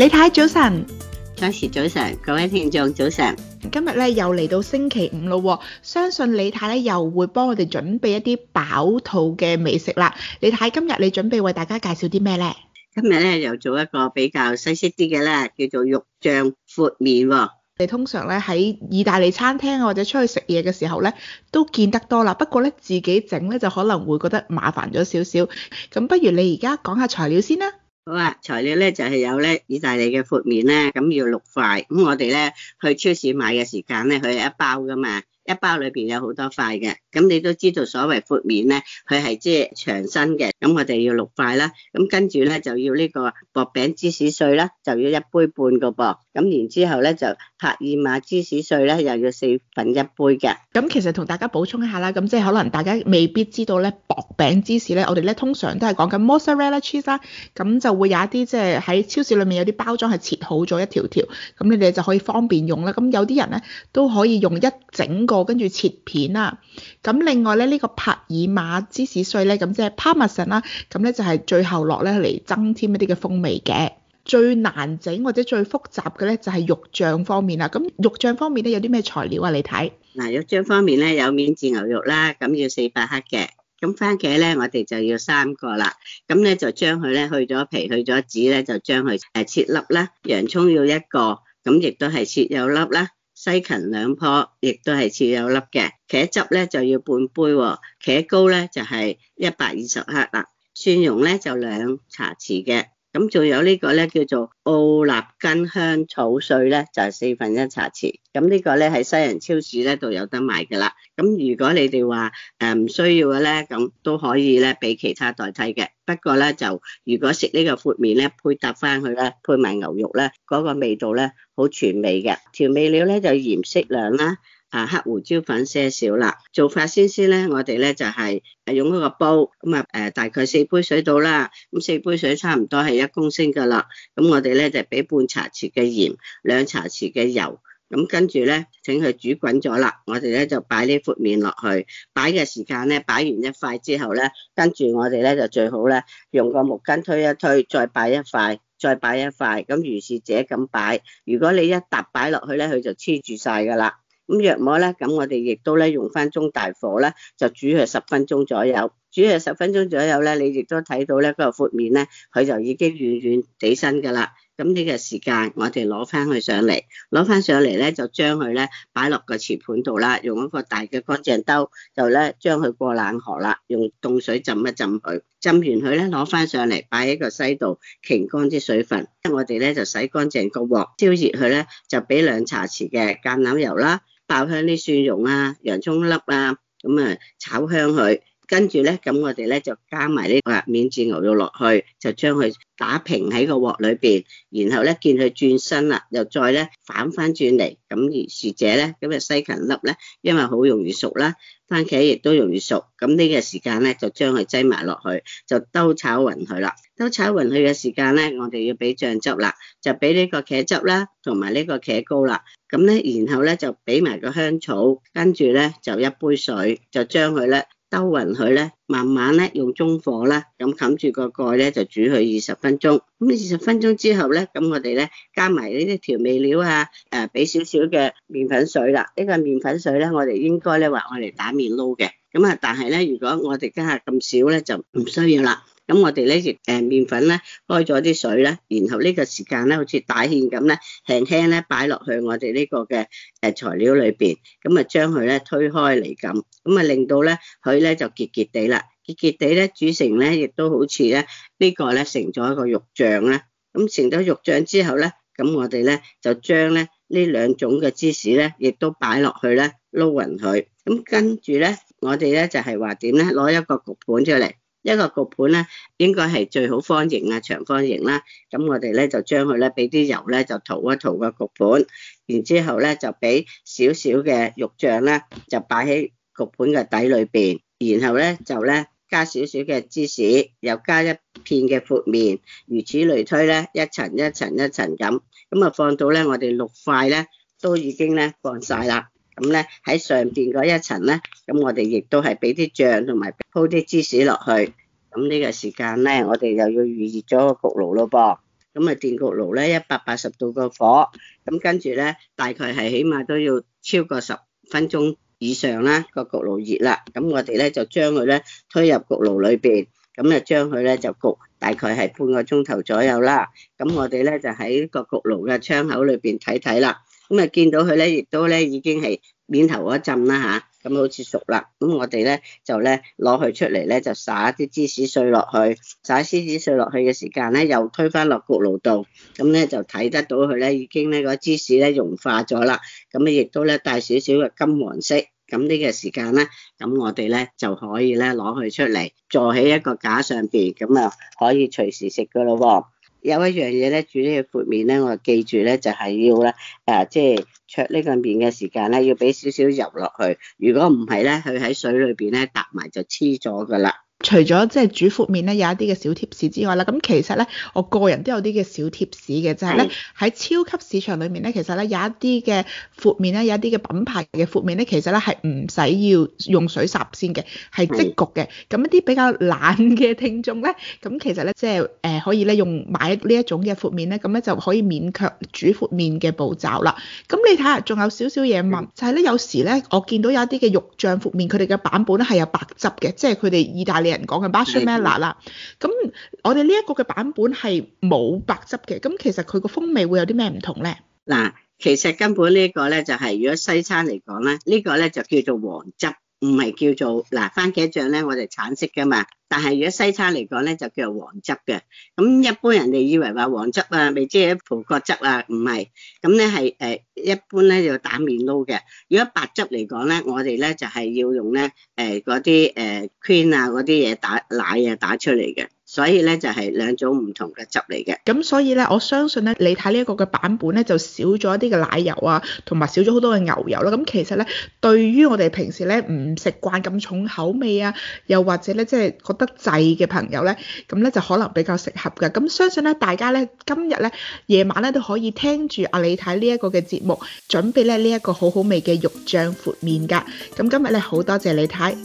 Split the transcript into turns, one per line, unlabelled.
李太早晨，張氏早晨，各位聽眾早晨。
今日咧又嚟到星期五咯，相信李太咧又會幫我哋準備一啲飽肚嘅美食啦。李太今日你準備為大家介紹啲咩
咧？今日咧又做一個比較西式啲嘅咧，叫做肉醬闊麵。
你通常咧喺意大利餐廳或者出去食嘢嘅時候咧都見得多啦。不過咧自己整咧就可能會覺得麻煩咗少少。咁不如你而家講下材料
先啦。好啊，材料咧就係有咧意大利嘅闊麵咧，咁要六塊，咁我哋咧去超市買嘅時間咧，佢係一包噶嘛。一包裏邊有好多塊嘅，咁你都知道所謂闊麵咧，佢係即係長身嘅，咁我哋要六塊啦，咁跟住咧就要呢個薄餅芝士碎啦，就要一杯半個噃，咁然之後咧就帕爾馬芝士碎咧又要四分一杯嘅。
咁其實同大家補充一下啦，咁即係可能大家未必知道咧，薄餅芝士咧，我哋咧通常都係講緊 mozzarella cheese 啦，咁就會有一啲即係喺超市裏面有啲包裝係切好咗一條條，咁你哋就可以方便用啦。咁有啲人咧都可以用一整個。跟住切片啦、啊，咁另外咧呢、呢個帕爾馬芝士碎咧，咁即係 Parmesan 啦、啊，咁咧就係最後落咧嚟增添一啲嘅風味嘅。最難整或者最複雜嘅咧就係、是、肉醬方
面啦。咁肉醬方面咧有啲咩材料啊？你睇嗱，肉醬方面咧有免治牛肉啦，咁要四百克嘅，咁番茄咧我哋就要三個啦，咁咧就將佢咧去咗皮去咗籽咧就將佢誒切粒啦，洋葱要一個，咁亦都係切有粒啦。西芹兩棵，亦都係切有粒嘅。茄汁呢就要半杯喎、哦，茄膏呢就係一百二十克啦。蒜蓉呢就兩茶匙嘅。咁仲有個呢個咧叫做奧納根香草碎咧，就係、是、四分一茶匙。咁呢個咧喺西人超市咧度有得買嘅啦。咁如果你哋話誒唔需要嘅咧，咁都可以咧俾其他代替嘅。不過咧就如果食呢個闊麵咧，配搭返佢咧，配埋牛肉咧，嗰、那個味道咧好全味嘅。調味料咧就鹽適量啦。啊黑胡椒粉些少啦，做法先先咧，我哋咧就係、是、用一個煲，咁啊誒大概四杯水到啦，咁、嗯、四杯水差唔多係一公升噶啦，咁、嗯、我哋咧就俾半茶匙嘅鹽，兩茶匙嘅油，咁、嗯、跟住咧，請佢煮滾咗啦，我哋咧就擺呢塊麵落去，擺嘅時間咧，擺完一塊之後咧，跟住我哋咧就最好咧用個木巾推一推，再擺一塊，再擺一塊，咁、嗯、如是者咁擺，如果你一沓擺落去咧，佢就黐住晒噶啦。咁藥膜咧，咁我哋亦都咧用翻中大火咧，就煮佢十分鐘左右。煮佢十分鐘左右咧，你亦都睇到咧嗰、那個闊麵咧，佢就已經軟軟地身噶啦。咁呢個時間我，我哋攞翻佢上嚟，攞翻上嚟咧就將佢咧擺落個瓷盤度啦，用一個大嘅乾淨兜就咧將佢過冷河啦，用凍水浸一浸佢，浸完佢咧攞翻上嚟擺喺個西度，擎乾啲水分。我哋咧就洗乾淨個鑊，燒熱佢咧就俾兩茶匙嘅橄欖油啦。爆香啲蒜蓉啊、洋蔥粒啊，咁啊炒香佢。跟住咧，咁我哋咧就加埋呢、這個、啊、免治牛肉落去，就將佢打平喺個鑊裏邊。然後咧見佢轉身啦，又再咧反翻轉嚟。咁而薯仔咧，咁、那、啊、個、西芹粒咧，因為好容易熟啦，番茄亦都容易熟。咁呢個時間咧，就將佢擠埋落去，就兜炒勻佢啦。兜炒勻佢嘅時間咧，我哋要俾醬汁啦，就俾呢個茄汁啦，同埋呢個茄膏啦。咁咧，然後咧就俾埋個香草，跟住咧就一杯水，就將佢咧。兜匀佢咧，慢慢咧用中火啦，咁冚住個蓋咧就煮佢二十分鐘。咁二十分鐘之後咧，咁我哋咧加埋呢啲調味料啊，誒，俾少少嘅麵粉水啦。呢個麵粉水咧，我哋應該咧話我哋打麵撈嘅。咁啊，但係咧，如果我哋家下咁少咧，就唔需要啦。咁我哋咧亦誒麵粉咧開咗啲水咧，然後呢個時間咧好似打芡咁咧，輕輕咧擺落去我哋呢個嘅誒材料裏邊，咁啊將佢咧推開嚟咁，咁啊令到咧佢咧就結結地啦，結結地咧煮成咧亦都好似咧呢、呢個咧成咗一個肉醬咧，咁成咗肉醬之後咧，咁我哋咧就將咧呢兩種嘅芝士咧亦都擺落去咧撈匀佢，咁跟住咧我哋咧就係話點咧攞一個焗盤出嚟。一個焗盤咧，應該係最好方形啊，長方形啦。咁我哋咧就將佢咧俾啲油咧就塗一塗個焗盤，然之後咧就俾少少嘅肉醬咧就擺喺焗盤嘅底裏面，然後咧就咧加少少嘅芝士，又加一片嘅闊麵，如此類推咧，一層一層一層咁，咁啊放到咧我哋六塊咧都已經咧放晒啦。咁咧喺上邊嗰一層咧，咁我哋亦都係俾啲醬同埋鋪啲芝士落去。咁呢個時間咧，我哋又要預熱咗個焗爐咯噃。咁啊電焗爐咧一百八十度個火，咁跟住咧大概係起碼都要超過十分鐘以上啦。個焗爐熱啦，咁我哋咧就將佢咧推入焗爐裏邊，咁啊將佢咧就焗大概係半個鐘頭左右啦。咁我哋咧就喺個焗爐嘅窗口裏邊睇睇啦。咁啊，見到佢咧，亦都咧已經係面頭嗰陣啦吓，咁好似熟啦。咁我哋咧就咧攞佢出嚟咧，就灑啲芝士碎落去，灑芝士碎落去嘅時間咧，又推返落焗爐度。咁咧就睇得到佢咧，已經咧嗰芝士咧溶化咗啦。咁咧亦都咧帶少少嘅金黃色。咁呢個時間咧，咁我哋咧就可以咧攞佢出嚟，坐喺一個架上面，咁啊可以隨時食㗎喇喎。有一樣嘢咧，煮個呢個闊麵咧，我記住咧就係、是、要咧，誒、啊，即係焯呢個麵嘅時間咧，要俾少少油落去。如果唔係咧，佢喺水裏邊咧搭埋就黐咗噶啦。
除咗即係煮寬麵咧，有一啲嘅小貼士之外啦，咁其實咧，我個人都有啲嘅小貼士嘅，就係咧喺超級市場裏面咧，其實咧有一啲嘅寬麵咧，有一啲嘅品牌嘅寬麵咧，其實咧係唔使要用水濕先嘅，係即焗嘅。咁一啲比較懶嘅聽眾咧，咁其實咧即係誒可以咧用買呢一種嘅寬麵咧，咁咧就可以免卻煮寬麵嘅步驟啦。咁你睇下仲有少少嘢問，就係咧有時咧我見到有一啲嘅肉醬寬麵，佢哋嘅版本咧係有白汁嘅，即係佢哋意大利人講嘅 béchamel 啦，咁我哋呢一個嘅版本
係冇白汁嘅，咁其實佢個風味會有啲咩唔同咧？嗱，其實根本呢個咧就係、是、如果西餐嚟講咧，呢、這個咧就叫做黃汁，唔係叫做嗱番茄醬咧，我哋橙色㗎嘛。但係如果西餐嚟講咧，就叫做黃汁嘅。咁一般人哋以為話黃汁啊，未即係啲葡國汁啊，唔係。咁咧係誒，一般咧就打麵撈嘅。如果白汁嚟講咧，我哋咧就係、係、要用咧誒嗰啲誒 cream 啊嗰啲嘢打奶啊打出嚟嘅。所以咧就係兩種唔同嘅汁嚟嘅，咁所以咧我相
信咧李太呢一個嘅版本咧就少咗一啲嘅奶油啊，同埋少咗好多嘅牛油咯。咁、嗯、其實咧，對於我哋平時咧唔食慣咁重口味啊，又或者咧即係覺得滯嘅朋友咧，咁、嗯、咧就可能比較適合嘅。咁、嗯、相信咧大家咧今日咧夜晚咧都可以聽住阿李太呢一個嘅節目，準備咧呢一個好好味嘅肉醬闊麵㗎。咁、嗯、今日咧好多謝李太。